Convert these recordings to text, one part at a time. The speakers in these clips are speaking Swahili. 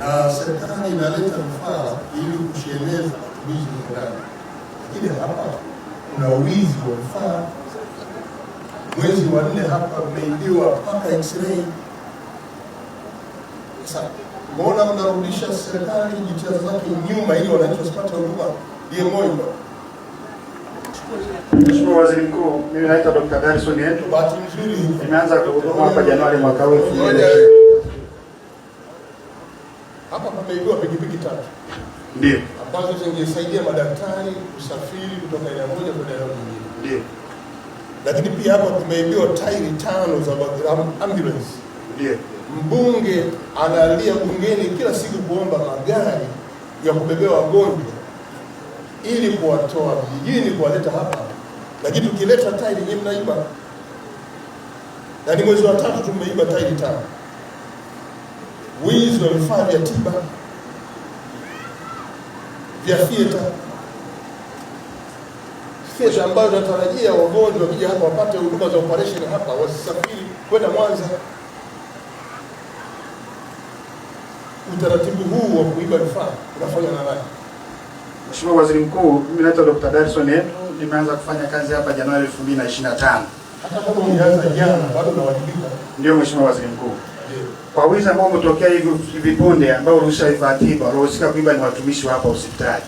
na serikali inaleta vifaa ili kusheneza matumizi ndani, lakini hapa kuna wizi wa vifaa. Mwezi wa nne hapa umeibiwa mpaka x-ray. Sasa mbona unarudisha serikali jitihada zake nyuma ili wananchi wasipate huduma? Ndiye moyo. Mheshimiwa Waziri Mkuu, mimi naitwa Dr. Darison Yetu. Bahati nzuri nimeanza kuhuduma hapa Januari mwaka huu tumeibiwa pikipiki tatu ndio ambazo zingesaidia madaktari kusafiri kutoka eneo moja kwenda eneo lingine. Ndio. Lakini pia hapa tumeibiwa tairi tano za ambulance. Ndio. Mbunge analia bungeni kila siku kuomba magari ya kubebea wagonjwa ili kuwatoa vijijini kuwaleta hapa, lakini tukileta tairi nyinyi mnaiba. nani mwezi wa tatu tumeiba tairi tano, wizi wa vifaa vya tiba ya theater theater ambayo tunatarajia wagonjwa wakija hapa wapate huduma za operation hapa, wasisafiri kwenda Mwanza. Utaratibu huu wa kuiba vifaa unafanywa na nani? Mheshimiwa Waziri Mkuu, mimi naitwa Dr. Darson Hendu, nimeanza kufanya kazi hapa Januari 2025. Hata kama umeanza jana bado unawajibika. Ndio Mheshimiwa Waziri Mkuu. Kwa wizi ambao umetokea hivi vipunde, ambao ruhusa ya atiba waliohusika kuiba ni watumishi wa hapa hospitali.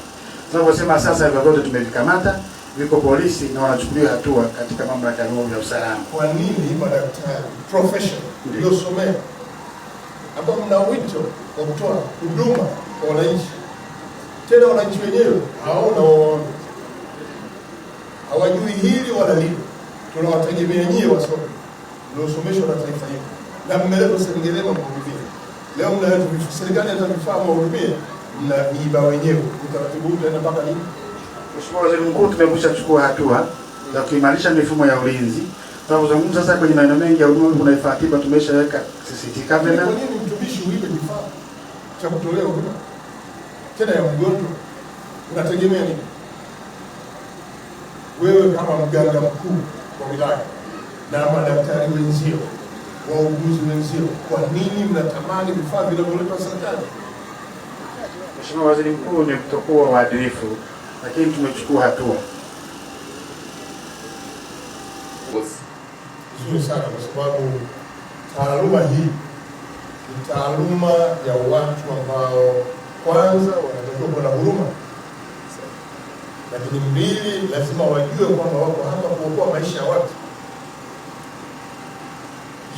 Tunaposema sasa, hivyo vyote tumevikamata, viko polisi na wanachukuliwa hatua katika mamlaka ya ya usalama. Kwa nini madaktari professional somea ambao mna wito wa kutoa huduma kwa wananchi, tena wananchi wenyewe haona hawajui hili wala lile, tunawategemea nyie wasomi mliosomeshwa na taifa hili na mmeletwa Sengerema mhudumie. Leo mnaleta serikali hata vifaa mhudumie, mnaiba wenyewe. Utaratibu huu utaenda mpaka lini? Mheshimiwa Waziri Mkuu, tumekwisha chukua hatua za kuimarisha mifumo ya ulinzi. Tunazungumza sasa kwenye maeneo mengi ya ulimwengu, kuna vifaa tiba tumeshaweka CCTV camera. Kwa nini mtumishi uibe kifaa cha kutolea huduma tena ya mgonjwa? Unategemea nini wewe kama mganga mkuu wa wilaya na madaktari wenzio? wauguzi wenzio, kwa nini mnatamani vifaa vinavyoletwa serikali? Mheshimiwa Waziri Mkuu, ni kutokuwa waadilifu, lakini tumechukua hatua vizuri sana, kwa sababu taaluma hii ni taaluma ya watu ambao kwanza wanatakiwa kuwa na huruma, lakini mbili, lazima wajue kwamba wako hapa kuokoa maisha ya watu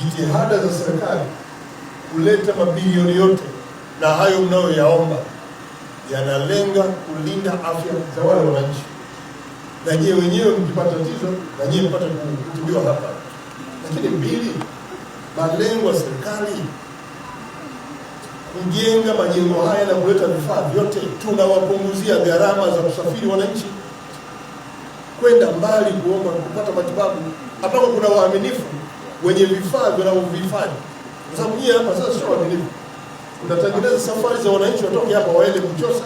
jitihada za serikali kuleta mabilioni yote na hayo mnayoyaomba yanalenga kulinda afya za wale wananchi, na je, wenyewe mkipata tatizo na nyewe mpata kutibiwa hapa. Lakini mbili, malengo ya serikali kujenga majengo haya na kuleta vifaa vyote, tunawapunguzia gharama za kusafiri wananchi kwenda mbali kuomba kupata matibabu, ambapo kuna waaminifu wenye vifaa vinavyohifadhi, kwa sababu nyie hapa sasa sio waadilifu. Mnatengeneza safari za wananchi watoke hapa waende Buchosa,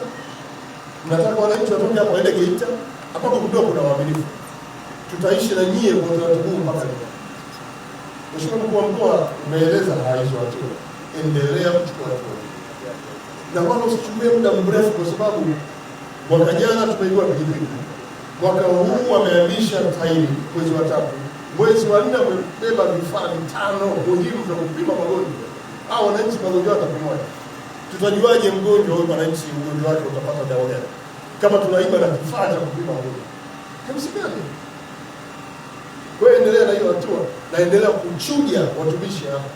mnataka wananchi watoke hapa waende Geita. Hapa kidogo na waadilifu, tutaishi na nyie kwa utaratibu huu mpaka leo. Mheshimiwa mkuu wa mkoa, umeeleza haizo watu, endelea kuchukua hatua na wala usichukue muda mrefu, kwa sababu mwaka jana tumeibiwa pikipiki, mwaka huu wamehamisha tairi mwezi wa tatu mwezi wa nne amebeba vifaa vitano muhimu vya kupima magonjwa au wananchi magonjwa watapimaje? Tutajuaje mgonjwa huyu wananchi mgonjwa wake utapata dawa gani kama tunaiba na kifaa cha kupima magonjwa? Kimsikani kwa endelea na hiyo hatua, naendelea kuchuja watumishi hapa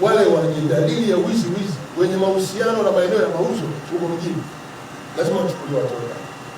wale wenye dalili ya wizi wizi wenye mahusiano na maeneo ya mauzo huko mjini lazima wachukuliwe hatua.